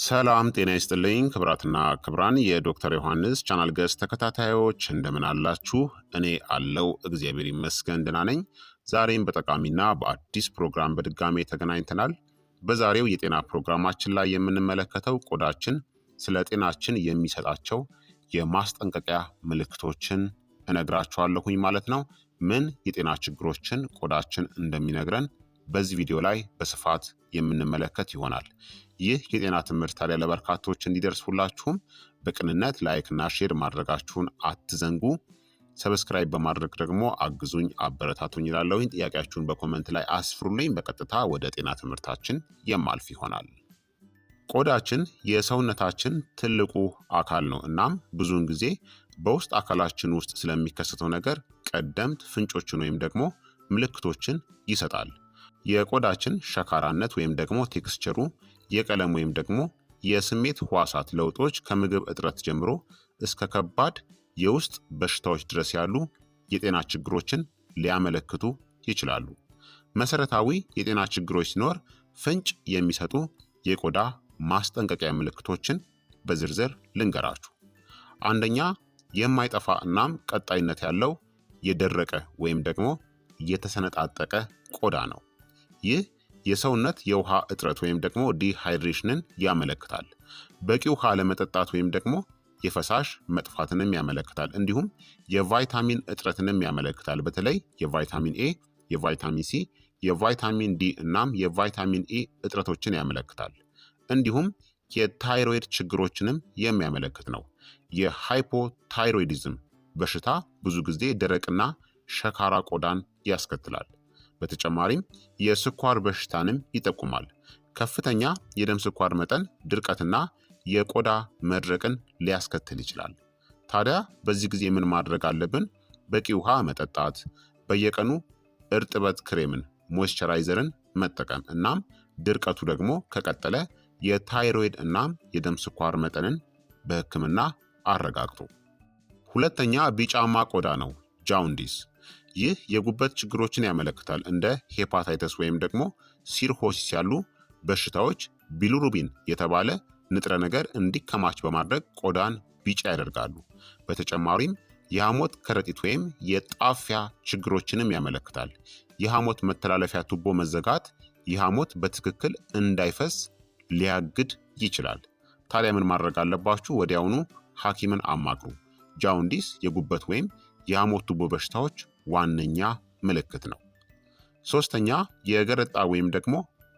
ሰላም ጤና ይስጥልኝ ክብራትና ክብራን የዶክተር ዮሐንስ ቻናል ገጽ ተከታታዮች እንደምን አላችሁ? እኔ አለው እግዚአብሔር ይመስገን ደህና ነኝ። ዛሬም በጠቃሚና በአዲስ ፕሮግራም በድጋሜ ተገናኝተናል። በዛሬው የጤና ፕሮግራማችን ላይ የምንመለከተው ቆዳችን ስለ ጤናችን የሚሰጣቸው የማስጠንቀቂያ ምልክቶችን እነግራችኋለሁኝ ማለት ነው። ምን የጤና ችግሮችን ቆዳችን እንደሚነግረን በዚህ ቪዲዮ ላይ በስፋት የምንመለከት ይሆናል። ይህ የጤና ትምህርት ታዲያ ለበርካቶች እንዲደርስ ሁላችሁም በቅንነት ላይክና ሼር ማድረጋችሁን አትዘንጉ። ሰብስክራይብ በማድረግ ደግሞ አግዙኝ፣ አበረታቱኝ ይላለውኝ። ጥያቄያችሁን በኮመንት ላይ አስፍሩልኝ። በቀጥታ ወደ ጤና ትምህርታችን የማልፍ ይሆናል። ቆዳችን የሰውነታችን ትልቁ አካል ነው። እናም ብዙውን ጊዜ በውስጥ አካላችን ውስጥ ስለሚከሰተው ነገር ቀደምት ፍንጮችን ወይም ደግሞ ምልክቶችን ይሰጣል። የቆዳችን ሸካራነት ወይም ደግሞ ቴክስቸሩ፣ የቀለም ወይም ደግሞ የስሜት ህዋሳት ለውጦች ከምግብ እጥረት ጀምሮ እስከ ከባድ የውስጥ በሽታዎች ድረስ ያሉ የጤና ችግሮችን ሊያመለክቱ ይችላሉ። መሰረታዊ የጤና ችግሮች ሲኖር ፍንጭ የሚሰጡ የቆዳ ማስጠንቀቂያ ምልክቶችን በዝርዝር ልንገራችሁ። አንደኛ፣ የማይጠፋ እናም ቀጣይነት ያለው የደረቀ ወይም ደግሞ የተሰነጣጠቀ ቆዳ ነው። ይህ የሰውነት የውሃ እጥረት ወይም ደግሞ ዲሃይድሬሽንን ያመለክታል። በቂ ውሃ ለመጠጣት ወይም ደግሞ የፈሳሽ መጥፋትንም ያመለክታል። እንዲሁም የቫይታሚን እጥረትንም ያመለክታል። በተለይ የቫይታሚን ኤ፣ የቫይታሚን ሲ፣ የቫይታሚን ዲ እናም የቫይታሚን ኢ እጥረቶችን ያመለክታል። እንዲሁም የታይሮይድ ችግሮችንም የሚያመለክት ነው። የሃይፖታይሮይዲዝም በሽታ ብዙ ጊዜ ደረቅና ሸካራ ቆዳን ያስከትላል። በተጨማሪም የስኳር በሽታንም ይጠቁማል። ከፍተኛ የደም ስኳር መጠን ድርቀትና የቆዳ መድረቅን ሊያስከትል ይችላል። ታዲያ በዚህ ጊዜ ምን ማድረግ አለብን? በቂ ውሃ መጠጣት፣ በየቀኑ እርጥበት ክሬምን ሞይስቸራይዘርን መጠቀም እናም ድርቀቱ ደግሞ ከቀጠለ የታይሮይድ እናም የደም ስኳር መጠንን በህክምና አረጋግጡ። ሁለተኛ ቢጫማ ቆዳ ነው፣ ጃውንዲስ ይህ የጉበት ችግሮችን ያመለክታል። እንደ ሄፓታይተስ ወይም ደግሞ ሲርሆሲስ ያሉ በሽታዎች ቢሉሩቢን የተባለ ንጥረ ነገር እንዲከማች በማድረግ ቆዳን ቢጫ ያደርጋሉ። በተጨማሪም የሐሞት ከረጢት ወይም የጣፊያ ችግሮችንም ያመለክታል። የሐሞት መተላለፊያ ቱቦ መዘጋት የሐሞት በትክክል እንዳይፈስ ሊያግድ ይችላል። ታዲያ ምን ማድረግ አለባችሁ? ወዲያውኑ ሐኪምን አማክሩ። ጃውንዲስ፣ የጉበት ወይም የሐሞት ቱቦ በሽታዎች ዋነኛ ምልክት ነው። ሶስተኛ የገረጣ ወይም ደግሞ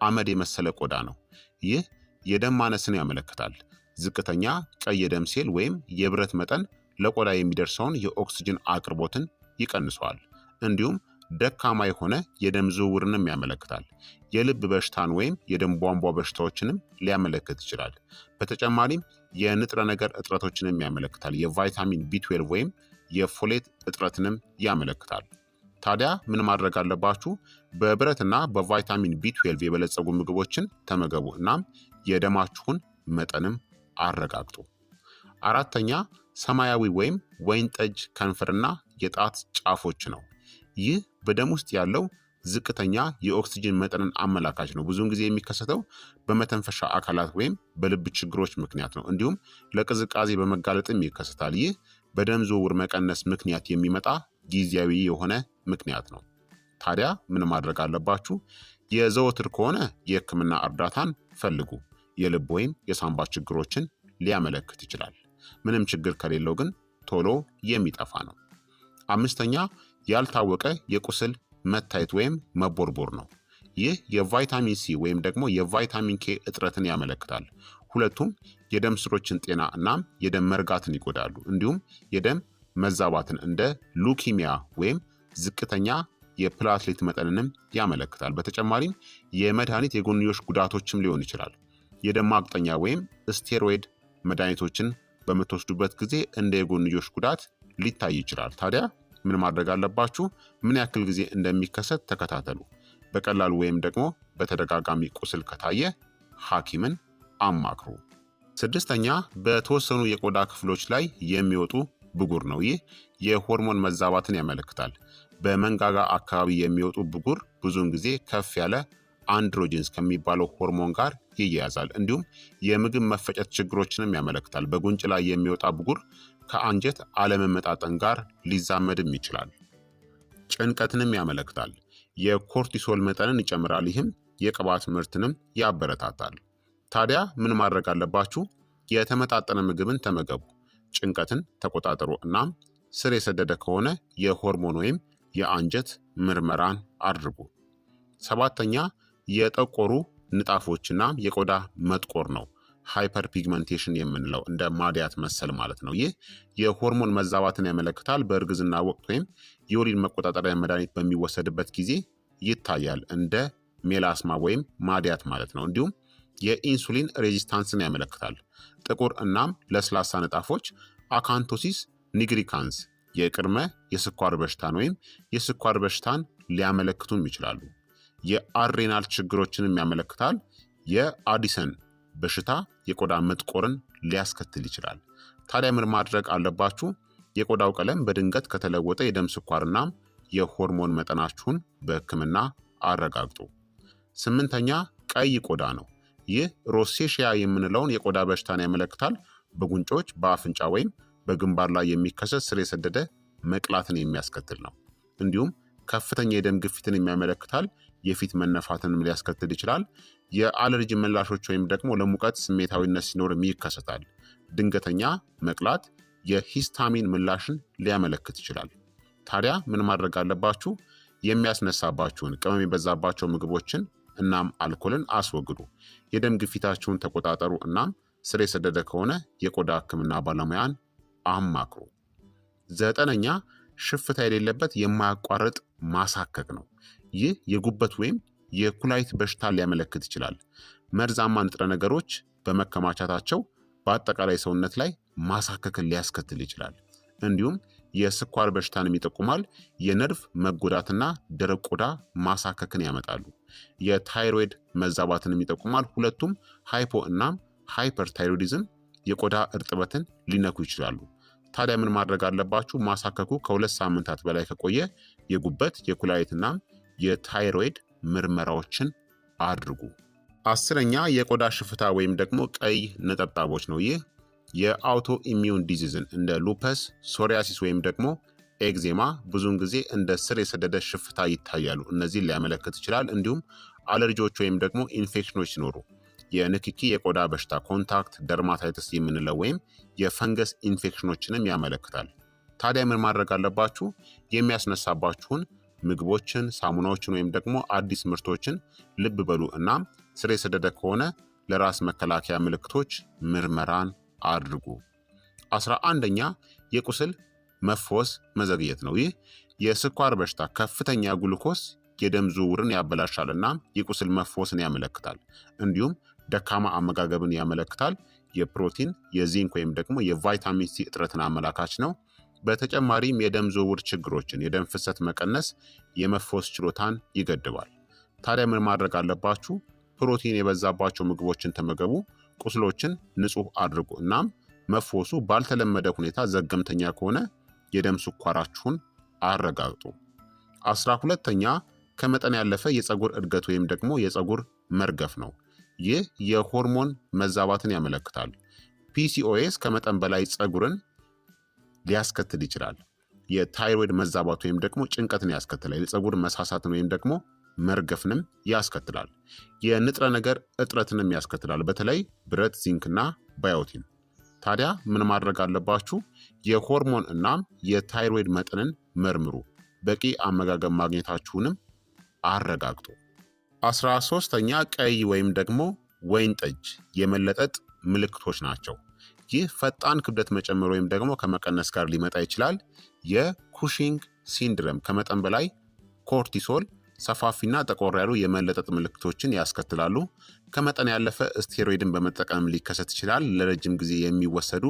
አመድ የመሰለ ቆዳ ነው። ይህ የደም ማነስን ያመለክታል። ዝቅተኛ ቀይ የደም ሴል ወይም የብረት መጠን ለቆዳ የሚደርሰውን የኦክስጅን አቅርቦትን ይቀንሰዋል። እንዲሁም ደካማ የሆነ የደም ዝውውርንም ያመለክታል። የልብ በሽታን ወይም የደም ቧንቧ በሽታዎችንም ሊያመለክት ይችላል። በተጨማሪም የንጥረ ነገር እጥረቶችንም ያመለክታል። የቫይታሚን ቢ12 ወይም የፎሌት እጥረትንም ያመለክታል። ታዲያ ምን ማድረግ አለባችሁ? በብረትና በቫይታሚን ቢ12 የበለጸጉ ምግቦችን ተመገቡ። እናም የደማችሁን መጠንም አረጋግጡ። አራተኛ ሰማያዊ ወይም ወይን ጠጅ ከንፈርና የጣት ጫፎች ነው። ይህ በደም ውስጥ ያለው ዝቅተኛ የኦክሲጅን መጠንን አመላካች ነው። ብዙውን ጊዜ የሚከሰተው በመተንፈሻ አካላት ወይም በልብ ችግሮች ምክንያት ነው። እንዲሁም ለቅዝቃዜ በመጋለጥም ይከሰታል። ይህ በደም ዝውውር መቀነስ ምክንያት የሚመጣ ጊዜያዊ የሆነ ምክንያት ነው። ታዲያ ምን ማድረግ አለባችሁ? የዘወትር ከሆነ የህክምና እርዳታን ፈልጉ። የልብ ወይም የሳንባ ችግሮችን ሊያመለክት ይችላል። ምንም ችግር ከሌለው ግን ቶሎ የሚጠፋ ነው። አምስተኛ ያልታወቀ የቁስል መታየት ወይም መቦርቦር ነው። ይህ የቫይታሚን ሲ ወይም ደግሞ የቫይታሚን ኬ እጥረትን ያመለክታል። ሁለቱም የደም ስሮችን ጤና እናም የደም መርጋትን ይጎዳሉ። እንዲሁም የደም መዛባትን እንደ ሉኪሚያ ወይም ዝቅተኛ የፕላትሌት መጠንንም ያመለክታል። በተጨማሪም የመድኃኒት የጎንዮሽ ጉዳቶችም ሊሆን ይችላል። የደም ማቅጠኛ ወይም ስቴሮይድ መድኃኒቶችን በምትወስዱበት ጊዜ እንደ የጎንዮሽ ጉዳት ሊታይ ይችላል። ታዲያ ምን ማድረግ አለባችሁ? ምን ያክል ጊዜ እንደሚከሰት ተከታተሉ። በቀላሉ ወይም ደግሞ በተደጋጋሚ ቁስል ከታየ ሐኪምን አማክሩ። ስድስተኛ በተወሰኑ የቆዳ ክፍሎች ላይ የሚወጡ ብጉር ነው። ይህ የሆርሞን መዛባትን ያመለክታል። በመንጋጋ አካባቢ የሚወጡ ብጉር ብዙውን ጊዜ ከፍ ያለ አንድሮጅንስ ከሚባለው ሆርሞን ጋር ይያያዛል። እንዲሁም የምግብ መፈጨት ችግሮችንም ያመለክታል። በጉንጭ ላይ የሚወጣ ብጉር ከአንጀት አለመመጣጠን ጋር ሊዛመድም ይችላል። ጭንቀትንም ያመለክታል። የኮርቲሶል መጠንን ይጨምራል። ይህም የቅባት ምርትንም ያበረታታል። ታዲያ ምን ማድረግ አለባችሁ? የተመጣጠነ ምግብን ተመገቡ፣ ጭንቀትን ተቆጣጠሩ፣ እናም ስር የሰደደ ከሆነ የሆርሞን ወይም የአንጀት ምርመራን አድርጉ። ሰባተኛ የጠቆሩ ንጣፎችና የቆዳ መጥቆር ነው። ሃይፐር ፒግመንቴሽን የምንለው እንደ ማዲያት መሰል ማለት ነው። ይህ የሆርሞን መዛባትን ያመለክታል። በእርግዝና ወቅት ወይም የወሊድ መቆጣጠሪያ መድኃኒት በሚወሰድበት ጊዜ ይታያል። እንደ ሜላስማ ወይም ማዲያት ማለት ነው። እንዲሁም የኢንሱሊን ሬዚስታንስን ያመለክታል። ጥቁር እናም ለስላሳ ንጣፎች አካንቶሲስ ኒግሪካንስ የቅድመ የስኳር በሽታን ወይም የስኳር በሽታን ሊያመለክቱም ይችላሉ። የአሬናል ችግሮችንም ያመለክታል። የአዲሰን በሽታ የቆዳ መጥቆርን ሊያስከትል ይችላል። ታዲያ ምን ማድረግ አለባችሁ? የቆዳው ቀለም በድንገት ከተለወጠ የደም ስኳርና የሆርሞን መጠናችሁን በሕክምና አረጋግጡ። ስምንተኛ ቀይ ቆዳ ነው። ይህ ሮሴሽያ የምንለውን የቆዳ በሽታን ያመለክታል። በጉንጮች በአፍንጫ ወይም በግንባር ላይ የሚከሰት ስር የሰደደ መቅላትን የሚያስከትል ነው። እንዲሁም ከፍተኛ የደም ግፊትን የሚያመለክታል። የፊት መነፋትንም ሊያስከትል ይችላል። የአለርጂ ምላሾች ወይም ደግሞ ለሙቀት ስሜታዊነት ሲኖርም ይከሰታል። ድንገተኛ መቅላት የሂስታሚን ምላሽን ሊያመለክት ይችላል። ታዲያ ምን ማድረግ አለባችሁ? የሚያስነሳባችሁን ቅመም የበዛባቸው ምግቦችን እናም አልኮልን አስወግዱ። የደም ግፊታችሁን ተቆጣጠሩ። እናም ስር የሰደደ ከሆነ የቆዳ ህክምና ባለሙያን አማክሩ። ዘጠነኛ ሽፍታ የሌለበት የማያቋርጥ ማሳከክ ነው። ይህ የጉበት ወይም የኩላይት በሽታ ሊያመለክት ይችላል። መርዛማ ንጥረ ነገሮች በመከማቻታቸው በአጠቃላይ ሰውነት ላይ ማሳከክን ሊያስከትል ይችላል። እንዲሁም የስኳር በሽታንም ይጠቁማል። የነርቭ መጎዳትና ደረቅ ቆዳ ማሳከክን ያመጣሉ። የታይሮይድ መዛባትንም ይጠቁማል። ሁለቱም ሃይፖ እናም ሃይፐርታይሮዲዝም የቆዳ እርጥበትን ሊነኩ ይችላሉ። ታዲያ ምን ማድረግ አለባችሁ? ማሳከኩ ከሁለት ሳምንታት በላይ ከቆየ የጉበት የኩላሊትናም የታይሮይድ ምርመራዎችን አድርጉ። አስረኛ የቆዳ ሽፍታ ወይም ደግሞ ቀይ ነጠብጣቦች ነው። ይህ የአውቶ ኢሚዩን ዲዚዝን እንደ ሉፐስ፣ ሶሪያሲስ ወይም ደግሞ ኤግዜማ ብዙውን ጊዜ እንደ ስር የሰደደ ሽፍታ ይታያሉ። እነዚህን ሊያመለክት ይችላል። እንዲሁም አለርጂዎች ወይም ደግሞ ኢንፌክሽኖች ሲኖሩ የንክኪ የቆዳ በሽታ ኮንታክት ደርማታይትስ የምንለው ወይም የፈንገስ ኢንፌክሽኖችንም ያመለክታል። ታዲያ ምን ማድረግ አለባችሁ? የሚያስነሳባችሁን ምግቦችን፣ ሳሙናዎችን ወይም ደግሞ አዲስ ምርቶችን ልብ በሉ። እናም ስር የሰደደ ከሆነ ለራስ መከላከያ ምልክቶች ምርመራን አድርጉ። አስራ አንደኛ የቁስል መፈወስ መዘግየት ነው። ይህ የስኳር በሽታ ከፍተኛ ግሉኮስ የደም ዝውውርን ያበላሻልና የቁስል መፈወስን ያመለክታል። እንዲሁም ደካማ አመጋገብን ያመለክታል። የፕሮቲን የዚንክ ወይም ደግሞ የቫይታሚን ሲ እጥረትን አመላካች ነው። በተጨማሪም የደም ዝውውር ችግሮችን፣ የደም ፍሰት መቀነስ፣ የመፈወስ ችሎታን ይገድባል። ታዲያ ምን ማድረግ አለባችሁ? ፕሮቲን የበዛባቸው ምግቦችን ተመገቡ። ቁስሎችን ንጹህ አድርጉ። እናም መፎሱ ባልተለመደ ሁኔታ ዘገምተኛ ከሆነ የደም ስኳራችሁን አረጋግጡ። አስራ ሁለተኛ ከመጠን ያለፈ የፀጉር እድገት ወይም ደግሞ የፀጉር መርገፍ ነው። ይህ የሆርሞን መዛባትን ያመለክታል። ፒሲኦኤስ ከመጠን በላይ ፀጉርን ሊያስከትል ይችላል። የታይሮይድ መዛባት ወይም ደግሞ ጭንቀትን ያስከትላል። የፀጉር መሳሳትን ወይም ደግሞ መርገፍንም ያስከትላል። የንጥረ ነገር እጥረትንም ያስከትላል፣ በተለይ ብረት፣ ዚንክና ባዮቲን። ታዲያ ምን ማድረግ አለባችሁ? የሆርሞን እናም የታይሮይድ መጠንን መርምሩ። በቂ አመጋገብ ማግኘታችሁንም አረጋግጡ። አስራ ሶስተኛ ቀይ ወይም ደግሞ ወይን ጠጅ የመለጠጥ ምልክቶች ናቸው። ይህ ፈጣን ክብደት መጨመር ወይም ደግሞ ከመቀነስ ጋር ሊመጣ ይችላል። የኩሽንግ ሲንድረም ከመጠን በላይ ኮርቲሶል ሰፋፊና ጠቆር ያሉ የመለጠጥ ምልክቶችን ያስከትላሉ። ከመጠን ያለፈ ስቴሮይድን በመጠቀም ሊከሰት ይችላል። ለረጅም ጊዜ የሚወሰዱ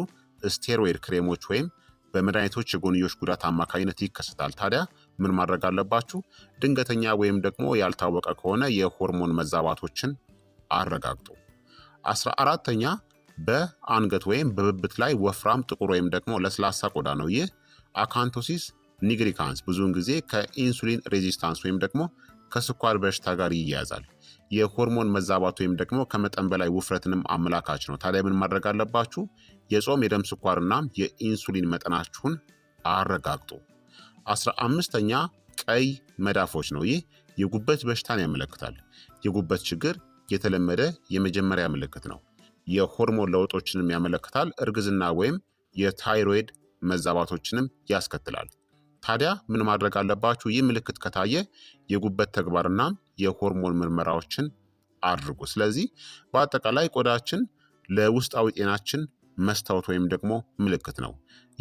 ስቴሮይድ ክሬሞች ወይም በመድኃኒቶች የጎንዮሽ ጉዳት አማካኝነት ይከሰታል። ታዲያ ምን ማድረግ አለባችሁ? ድንገተኛ ወይም ደግሞ ያልታወቀ ከሆነ የሆርሞን መዛባቶችን አረጋግጡ። አስራ አራተኛ በአንገት ወይም በብብት ላይ ወፍራም ጥቁር ወይም ደግሞ ለስላሳ ቆዳ ነው። ይህ አካንቶሲስ ኒግሪካንስ ብዙውን ጊዜ ከኢንሱሊን ሬዚስታንስ ወይም ደግሞ ከስኳር በሽታ ጋር ይያያዛል። የሆርሞን መዛባት ወይም ደግሞ ከመጠን በላይ ውፍረትንም አመላካች ነው። ታዲያ ምን ማድረግ አለባችሁ? የጾም የደም ስኳርና የኢንሱሊን መጠናችሁን አረጋግጡ። አስራ አምስተኛ ቀይ መዳፎች ነው። ይህ የጉበት በሽታን ያመለክታል። የጉበት ችግር የተለመደ የመጀመሪያ ምልክት ነው። የሆርሞን ለውጦችንም ያመለክታል። እርግዝና ወይም የታይሮይድ መዛባቶችንም ያስከትላል። ታዲያ ምን ማድረግ አለባችሁ? ይህ ምልክት ከታየ የጉበት ተግባርና የሆርሞን ምርመራዎችን አድርጉ። ስለዚህ በአጠቃላይ ቆዳችን ለውስጣዊ ጤናችን መስታወት ወይም ደግሞ ምልክት ነው።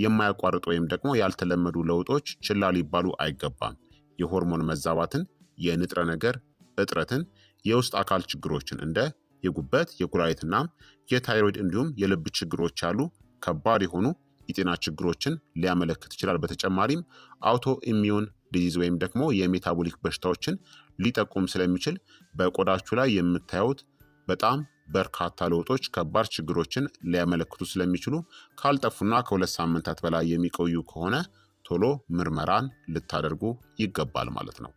የማያቋርጥ ወይም ደግሞ ያልተለመዱ ለውጦች ችላ ሊባሉ አይገባም። የሆርሞን መዛባትን፣ የንጥረ ነገር እጥረትን፣ የውስጥ አካል ችግሮችን እንደ የጉበት የኩላሊትና የታይሮይድ እንዲሁም የልብ ችግሮች ያሉ ከባድ የሆኑ የጤና ችግሮችን ሊያመለክት ይችላል። በተጨማሪም አውቶ ኢሚዩን ዲዚዝ ወይም ደግሞ የሜታቦሊክ በሽታዎችን ሊጠቁም ስለሚችል በቆዳችሁ ላይ የምታዩት በጣም በርካታ ለውጦች ከባድ ችግሮችን ሊያመለክቱ ስለሚችሉ ካልጠፉና ከሁለት ሳምንታት በላይ የሚቆዩ ከሆነ ቶሎ ምርመራን ልታደርጉ ይገባል ማለት ነው።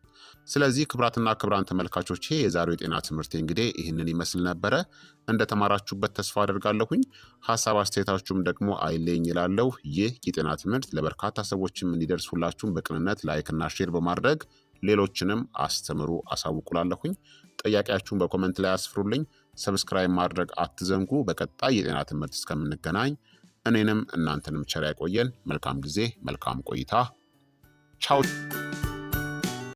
ስለዚህ ክብራትና ክብራን ተመልካቾች የዛሬው የጤና ትምህርት እንግዲህ ይህንን ይመስል ነበረ። እንደተማራችሁበት ተስፋ አደርጋለሁኝ። ሀሳብ አስተያየታችሁም ደግሞ አይለኝ ይላለው። ይህ የጤና ትምህርት ለበርካታ ሰዎችም እንዲደርስ ሁላችሁም በቅንነት ላይክና ሼር በማድረግ ሌሎችንም አስተምሩ አሳውቁላለሁኝ። ጥያቄያችሁን በኮመንት ላይ አስፍሩልኝ። ሰብስክራይብ ማድረግ አትዘንጉ። በቀጣይ የጤና ትምህርት እስከምንገናኝ እኔንም እናንተንም ቸር ያቆየን። መልካም ጊዜ፣ መልካም ቆይታ። ቻው